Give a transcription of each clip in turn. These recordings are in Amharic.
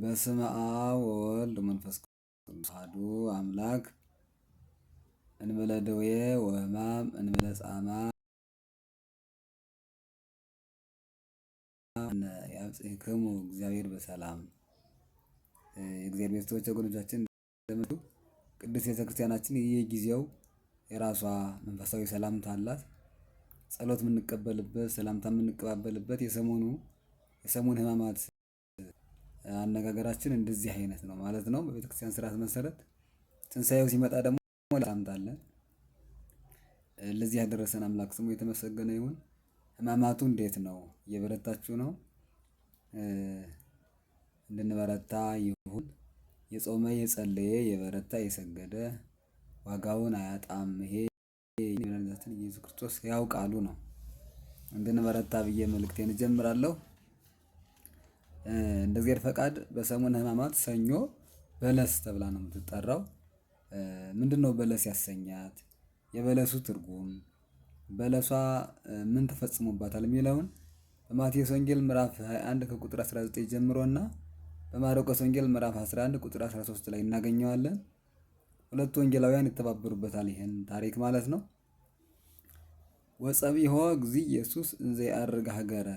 በስመ አብ ወወልድ መንፈስ ቅዱስ አሐዱ አምላክ እንበለ ደዌ ወሕማም እንበለ ጻማ ያብጽሕክሙ እግዚአብሔር በሰላም የእግዚአብሔር ቤተሰቦች ወገኖቻችን ቅዱስ ቅድስት ክርስቲያናችን የየጊዜው የራሷ መንፈሳዊ ሰላምታ አላት። ጸሎት የምንቀበልበት ሰላምታ የምንቀባበልበት የሰሞኑ የሰሞን ሕማማት አነጋገራችን እንደዚህ አይነት ነው ማለት ነው። በቤተክርስቲያን ስርዓት መሰረት ትንሣኤው ሲመጣ ደግሞ ላምታለን። ለዚህ ያደረሰን አምላክ ስሙ የተመሰገነ ይሁን። ህማማቱ እንዴት ነው? እየበረታችሁ ነው? እንድንበረታ ይሁን። የጾመ የጸለየ የበረታ የሰገደ ዋጋውን አያጣም። ይሄ ኢየሱስ ክርስቶስ ያው ቃሉ ነው። እንድንበረታ ብዬ መልእክቴን እጀምራለሁ። እንደ እግዚአብሔር ፈቃድ በሰሙነ ሕማማት ሰኞ በለስ ተብላ ነው የምትጠራው። ምንድን ነው በለስ ያሰኛት? የበለሱ ትርጉም፣ በለሷ ምን ተፈጽሞባታል የሚለውን በማቴዎስ ወንጌል ምዕራፍ 21 ከቁጥር 19 ጀምሮና በማርቆስ ወንጌል ምዕራፍ 11 ቁጥር 13 ላይ እናገኘዋለን። ሁለቱ ወንጌላውያን ይተባበሩበታል ይህን ታሪክ ማለት ነው። ሆ እግዚእ ኢየሱስ እንዘ ያዐርግ ሀገረ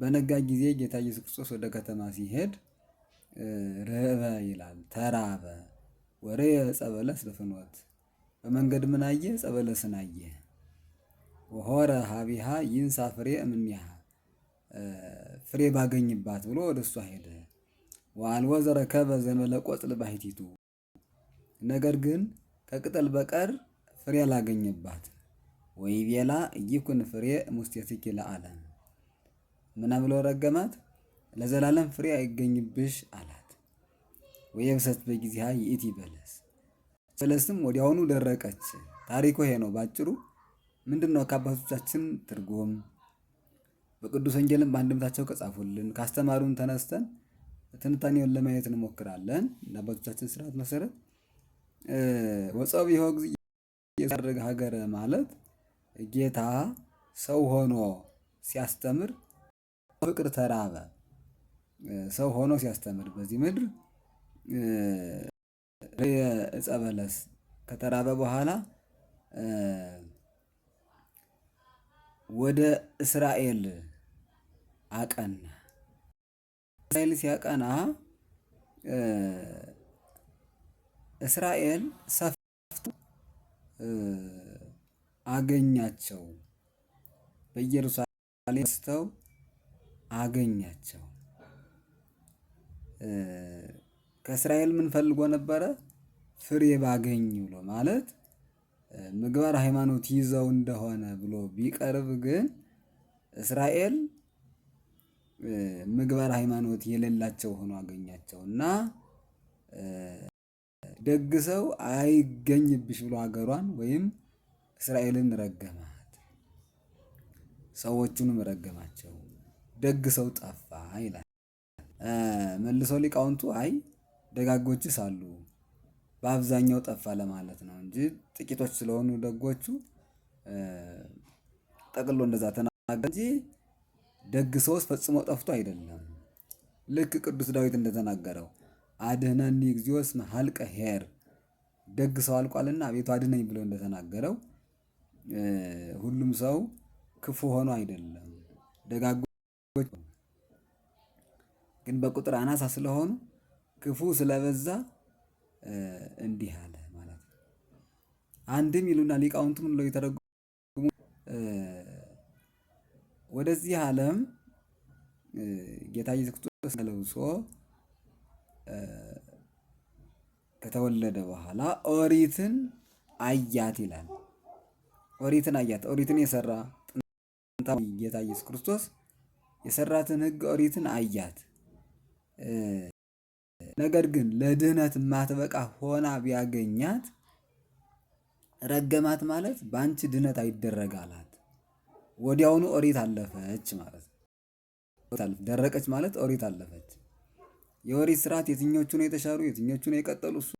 በነጋ ጊዜ ጌታ ኢየሱስ ክርስቶስ ወደ ከተማ ሲሄድ ርዕበ ይላል ተራበ። ወሬ ጸበለስ በለስ በፍኖት በመንገድ ምን አየ? ጸበለስን አየ። ወሆረ ሀቢሃ ይንሳ ፍሬ እምኔሃ ፍሬ ባገኝባት ብሎ ወደ እሷ ሄደ። ወአልቦ ከበ ዘመለ ቆጽል ባሕቲቱ ነገር ግን ከቅጠል በቀር ፍሬ ወይ ቤላ ይኩን ፍሬ ሙስቴትኪ ለዓለም ምና ብሎ ረገማት፣ ለዘላለም ፍሬ አይገኝብሽ አላት። ወየብሰት በጊዜሃ ይእቲ በለስ፣ በለስም ወዲያውኑ ደረቀች። ታሪኩ ይሄ ነው ባጭሩ። ምንድን ነው ከአባቶቻችን ትርጉም በቅዱስ ወንጌልም በአንድምታቸው ከጻፉልን ካስተማሩን ተነስተን ትንታኔውን ለማየት እንሞክራለን። ለአባቶቻችን ስርዓት መሰረት ወፀብ ይኸው ጊዜ ያደረገ ሀገር ማለት ጌታ ሰው ሆኖ ሲያስተምር ፍቅር ተራበ ሰው ሆኖ ሲያስተምር በዚህ ምድር ዕፀ በለስ ከተራበ በኋላ ወደ እስራኤል አቀና። እስራኤል ሲያቀና እስራኤል ሰፍቶ አገኛቸው በኢየሩሳሌም ስተው አገኛቸው። ከእስራኤል ምን ፈልጎ ነበረ? ፍሬ ባገኝ ብሎ ማለት ምግባር ሃይማኖት ይዘው እንደሆነ ብሎ ቢቀርብ ግን እስራኤል ምግባር ሃይማኖት የሌላቸው ሆኖ አገኛቸው እና ደግ ሰው አይገኝብሽ ብሎ ሀገሯን ወይም እስራኤልን ረገማት፣ ሰዎቹንም ረገማቸው። ደግ ሰው ጠፋ ይላል። መልሰው ሊቃውንቱ አይ ደጋጎችስ አሉ በአብዛኛው ጠፋ ለማለት ነው እንጂ ጥቂቶች ስለሆኑ ደጎቹ ጠቅሎ እንደዛ ተናገረ እንጂ ደግ ሰውስ ፈጽሞ ጠፍቶ አይደለም። ልክ ቅዱስ ዳዊት እንደተናገረው አድህነኒ እግዚኦ እስመ ሄር ደግ ሰው አልቋልና አቤቱ አድነኝ ብሎ እንደተናገረው ሁሉም ሰው ክፉ ሆኖ አይደለም ደጋጎ ግን በቁጥር አናሳ ስለሆኑ ክፉ ስለበዛ እንዲህ አለ ማለት ነው። አንድም ይሉና ሊቃውንቱ ምን ብለው የተረጎሙ ወደዚህ ዓለም ጌታ ኢየሱስ ክርስቶስ ለብሶ ከተወለደ በኋላ ኦሪትን አያት ይላል። ኦሪትን አያት ኦሪትን የሰራ ጥንታዊ ጌታ ኢየሱስ ክርስቶስ የሰራትን ሕግ ኦሪትን አያት። ነገር ግን ለድህነት ማትበቃ ሆና ቢያገኛት ረገማት ማለት በአንቺ ድህነት አይደረግ አላት። ወዲያውኑ ኦሪት አለፈች ማለት ደረቀች ማለት ኦሪት አለፈች። የኦሪት ስርዓት የትኞቹ ነው የተሻሩ የትኞቹ ነው የቀጠሉ እሱ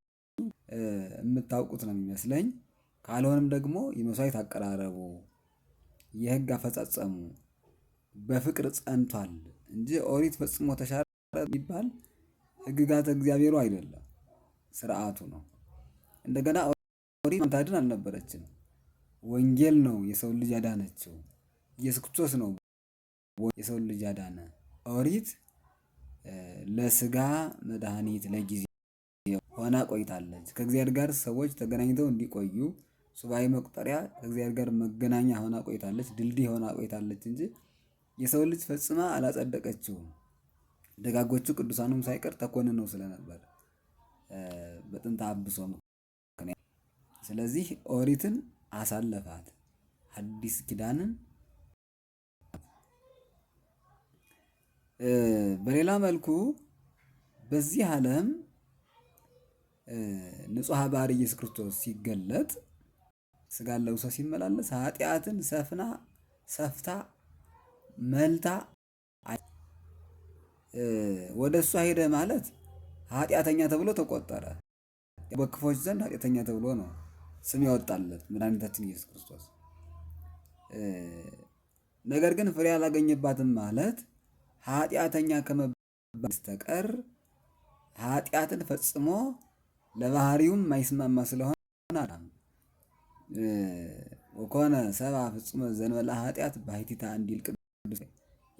የምታውቁት ነው የሚመስለኝ። ካልሆንም ደግሞ የመስዋዕት አቀራረቡ፣ የህግ አፈጻጸሙ በፍቅር ጸንቷል እንጂ ኦሪት ፈጽሞ ተሻረ የሚባል ሕግጋተ እግዚአብሔሩ አይደለም፣ ስርዓቱ ነው። እንደገና ኦሪት ታድን አልነበረችም። ወንጌል ነው የሰው ልጅ ያዳነችው። ኢየሱስ ክርስቶስ ነው የሰው ልጅ ያዳነ። ኦሪት ለስጋ መድኃኒት ለጊዜ ሆና ቆይታለች። ከእግዚአብሔር ጋር ሰዎች ተገናኝተው እንዲቆዩ ሱባኤ መቁጠሪያ ከእግዚአብሔር ጋር መገናኛ ሆና ቆይታለች፣ ድልድይ ሆና ቆይታለች እንጂ የሰው ልጅ ፈጽማ አላጸደቀችውም። ደጋጎቹ ቅዱሳኑም ሳይቀር ተኮንነው ስለነበር በጥንተ አብሶ ምክንያት። ስለዚህ ኦሪትን አሳለፋት፣ አዲስ ኪዳንን በሌላ መልኩ በዚህ ዓለም ንጹሐ ባህር ኢየሱስ ክርስቶስ ሲገለጥ ስጋ ለብሶ ሲመላለስ ኃጢአትን ሰፍና ሰፍታ መልታ ወደ እሷ ሄደ ማለት ኃጢአተኛ ተብሎ ተቆጠረ። በክፎች ዘንድ ኃጢአተኛ ተብሎ ነው ስም ያወጣለት መድኃኒታችን ኢየሱስ ክርስቶስ። ነገር ግን ፍሬ አላገኘባትም ማለት ኃጢአተኛ ከመባል በስተቀር ኃጢአትን ፈጽሞ ለባህሪውም ማይስማማ ስለሆነ ወኮነ ሰብአ ፍጹመ ዘንበላ ኃጢአት ባሕቲታ እንዲልቅ ቅዱስ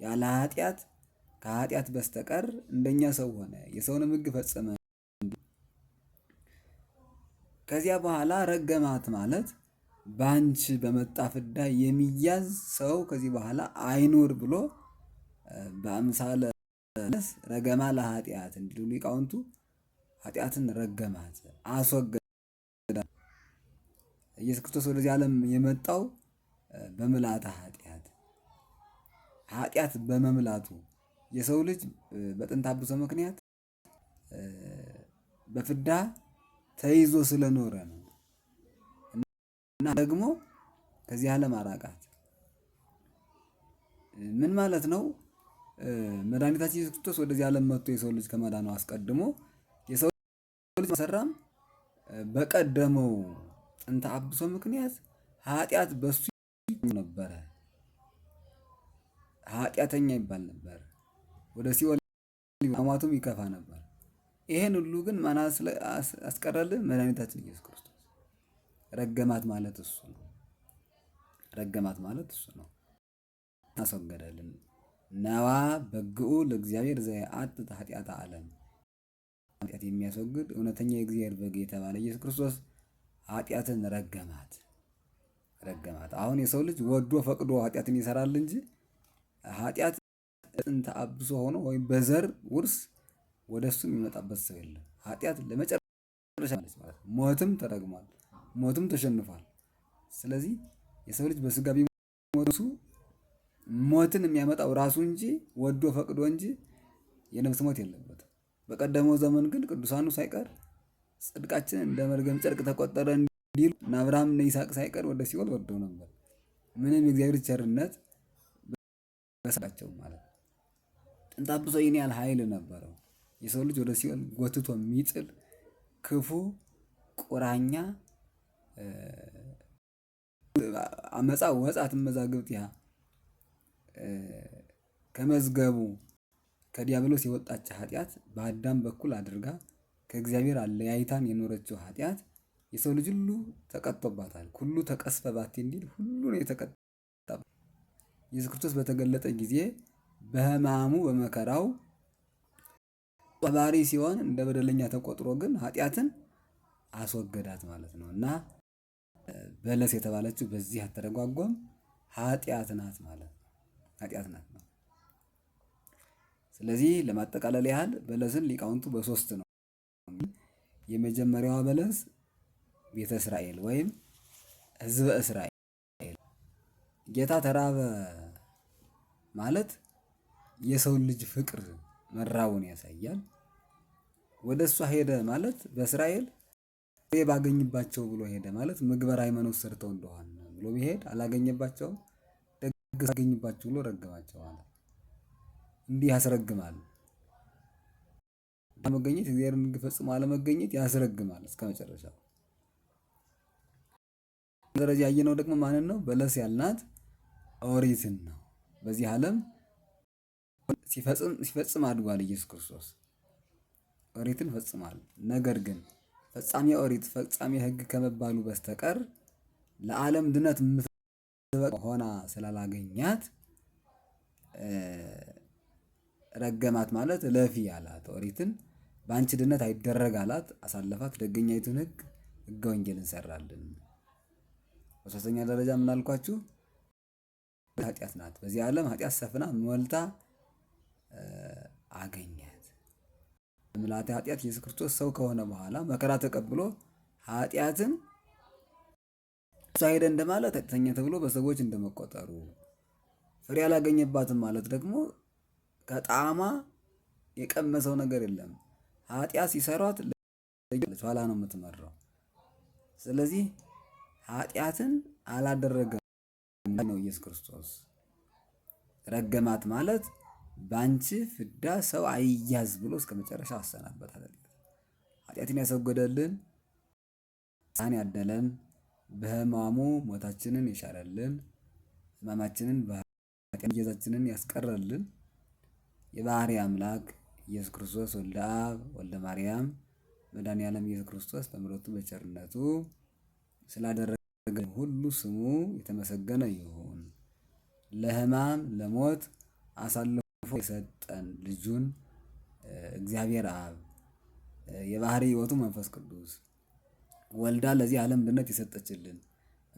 ያለ ኃጢአት ከኃጢአት በስተቀር እንደኛ ሰው ሆነ፣ የሰውንም ሕግ ፈጸመ። ከዚያ በኋላ ረገማት ማለት በአንቺ በመጣ ፍዳ የሚያዝ ሰው ከዚህ በኋላ አይኖር ብሎ በአምሳለ ረገማ ለኃጢአት እንዲሉ ሊቃውንቱ ኃጢአትን ረገማት አስወገዳ። ኢየሱስ ክርስቶስ ወደዚህ ዓለም የመጣው በምልአተ ኃጢአት ኃጢአት በመምላቱ የሰው ልጅ በጥንተ አብሶ ምክንያት በፍዳ ተይዞ ስለኖረ ነው እና ደግሞ ከዚህ ዓለም አራቃት። ምን ማለት ነው? መድኃኒታችን ኢየሱስ ክርስቶስ ወደዚህ ዓለም መጥቶ የሰው ልጅ ከመዳኑ አስቀድሞ የሰው ልጅ ሰራም በቀደመው ጥንተ አብሶ ምክንያት ኃጢአት በሱ ነበረ። ኃጢአተኛ ይባል ነበር። ወደ ሲኦል ማማቱም ይከፋ ነበር። ይሄን ሁሉ ግን ማን አስቀረልን? መድኃኒታችን ኢየሱስ ክርስቶስ። ረገማት ማለት እሱ ነው። ረገማት ማለት እሱ ነው። አስወገደልን። ነዋ በግኡ ለእግዚአብሔር ዘያአጥጥ ኃጢአተ ዓለም ኃጢአት የሚያስወግድ እውነተኛ የእግዚአብሔር በግ የተባለ ኢየሱስ ክርስቶስ ኃጢአትን ረገማት ረገማት። አሁን የሰው ልጅ ወዶ ፈቅዶ ኃጢአትን ይሰራል እንጂ ኃጢአት እንተ አብሶ ሆኖ ወይም በዘር ውርስ ወደ እሱ የሚመጣበት ሰው የለም። ኃጢአት ለመጨረሻ ማለት ሞትም ተደግሟል፣ ሞትም ተሸንፏል። ስለዚህ የሰው ልጅ በስጋ ቢሞቱ ሞትን የሚያመጣው ራሱ እንጂ ወዶ ፈቅዶ እንጂ የነፍስ ሞት የለበትም። በቀደመው ዘመን ግን ቅዱሳኑ ሳይቀር ጽድቃችን እንደ መርገም ጨርቅ ተቆጠረ እንዲሉ እነ አብርሃም እነ ይስሐቅ ሳይቀር ወደ ሲኦል ወርደው ነበር። ምንም የእግዚአብሔር ቸርነት ረሳቸው ማለት ነው። ጥንታቱ ሰው ይህን ያህል ኃይል ነበረው። የሰው ልጅ ወደ ሲኦል ጎትቶ የሚጥል ክፉ ቁራኛ አመፃ ወፃት መዛግብት ያ ከመዝገቡ ከዲያብሎስ የወጣች ኃጢአት በአዳም በኩል አድርጋ ከእግዚአብሔር አለያይታን የኖረችው ኃጢአት የሰው ልጅ ሁሉ ተቀጥቶባታል። ሁሉ ተቀስፈ ባቴ እንዲል ሁሉ ነው የተቀጠ ኢየሱስ ክርስቶስ በተገለጠ ጊዜ በሕማሙ በመከራው ጠባሪ ሲሆን እንደ በደለኛ ተቆጥሮ ግን ኃጢአትን አስወገዳት ማለት ነው እና በለስ የተባለችው በዚህ አተረጓጎም ኃጢአት ናት ማለት ነው። ኃጢአት ናት ስለዚህ ለማጠቃለል ያህል በለስን ሊቃውንቱ በሶስት ነው። የመጀመሪያዋ በለስ ቤተ እስራኤል ወይም ህዝበ እስራኤል ጌታ ተራበ ማለት የሰው ልጅ ፍቅር መራቡን ያሳያል። ወደ እሷ ሄደ ማለት በእስራኤል ባገኝባቸው ብሎ ሄደ ማለት ምግበር ሃይማኖት ሰርተው እንደሆነ ብሎ ቢሄድ አላገኘባቸው ደግ አገኝባቸው ብሎ ረገማቸው አለ። እንዲህ ያስረግማል። መገኘት እግዚአብሔርን ሕግ ፈጽሞ አለመገኘት ያስረግማል እስከ መጨረሻው ደረጃ። ያየነው ደግሞ ማንን ነው? በለስ ያልናት ኦሪትን ነው። በዚህ ዓለም ሲፈጽም አድጓል። ኢየሱስ ክርስቶስ ኦሪትን ፈጽሟል። ነገር ግን ፈጻሜ ኦሪት ፈጻሜ ሕግ ከመባሉ በስተቀር ለዓለም ድነት ሆና ስላላገኛት ረገማት ማለት ለፊ አላት። ኦሪትን በአንቺ ድነት አይደረግ አላት፣ አሳለፋት። ደገኛይቱን ሕግ ሕገ ወንጌልን እንሰራለን። በሶስተኛ ደረጃ ምናልኳችሁ ኃጢአት ናት። በዚህ ዓለም ኃጢአት ሰፍና ሞልታ አገኛት። ምልዓተ ኃጢአት ኢየሱስ ክርስቶስ ሰው ከሆነ በኋላ መከራ ተቀብሎ ኃጢአትን ሳይደ ሄደ እንደማለት ኃጢአተኛ ተብሎ በሰዎች እንደመቆጠሩ ፍሬ አላገኘባትም ማለት ደግሞ ከጣዕሟ የቀመሰው ነገር የለም። ኃጢአት ሲሰሯት ኋላ ነው የምትመራው። ስለዚህ ኃጢአትን አላደረገም። ነው ኢየሱስ ክርስቶስ። ረገማት ማለት በአንቺ ፍዳ ሰው አይያዝ ብሎ እስከ መጨረሻ አሰናበት አለ። ኃጢአትን ያስወገደልን ሳን ያደለን በህማሙ ሞታችንን የሻረልን ህማማችንን እየዛችንን ያስቀረልን የባህሪ አምላክ ኢየሱስ ክርስቶስ ወልደ አብ ወልደ ማርያም መድኃኔ ዓለም ኢየሱስ ክርስቶስ በምሕረቱ በቸርነቱ ስላደረ ሁሉ ስሙ የተመሰገነ ይሁን። ለሕማም ለሞት አሳልፎ የሰጠን ልጁን እግዚአብሔር አብ የባህሪ ሕይወቱ መንፈስ ቅዱስ ወልዳ ለዚህ ዓለም ድነት የሰጠችልን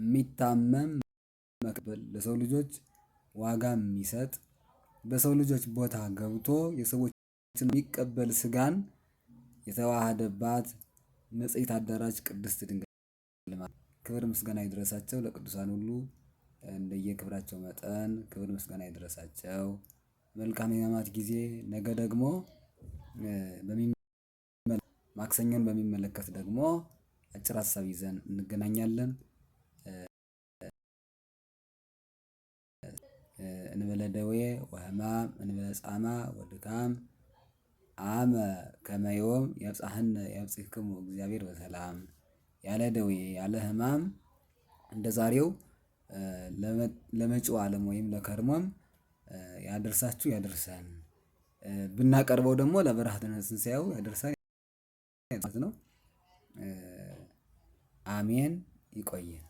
የሚታመም መክበል ለሰው ልጆች ዋጋ የሚሰጥ በሰው ልጆች ቦታ ገብቶ የሰዎችን የሚቀበል ስጋን የተዋሃደባት ንጽሕት አዳራሽ ቅድስት ድንግል ክብር ምስጋና ይድረሳቸው ለቅዱሳን ሁሉ እንደየክብራቸው መጠን ክብር ምስጋና ይድረሳቸው። መልካም የሕማማት ጊዜ ነገ ደግሞ ማክሰኞን በሚመለከት ደግሞ አጭር ሀሳብ ይዘን እንገናኛለን። እንበለ ደዌ ወሕማም እንበለ ጻማ ወድካም አመ ከመ ዮም ያብጽሕክሙ እግዚአብሔር በሰላም ያለ ደዌ ያለ ህማም እንደ ዛሬው ለመጪው ዓለም ወይም ለከርሞም ያደርሳችሁ ያደርሰን። ብናቀርበው ደግሞ ለብርሃተ ትንሣኤው ያደርሰን ነው። አሜን። ይቆየን።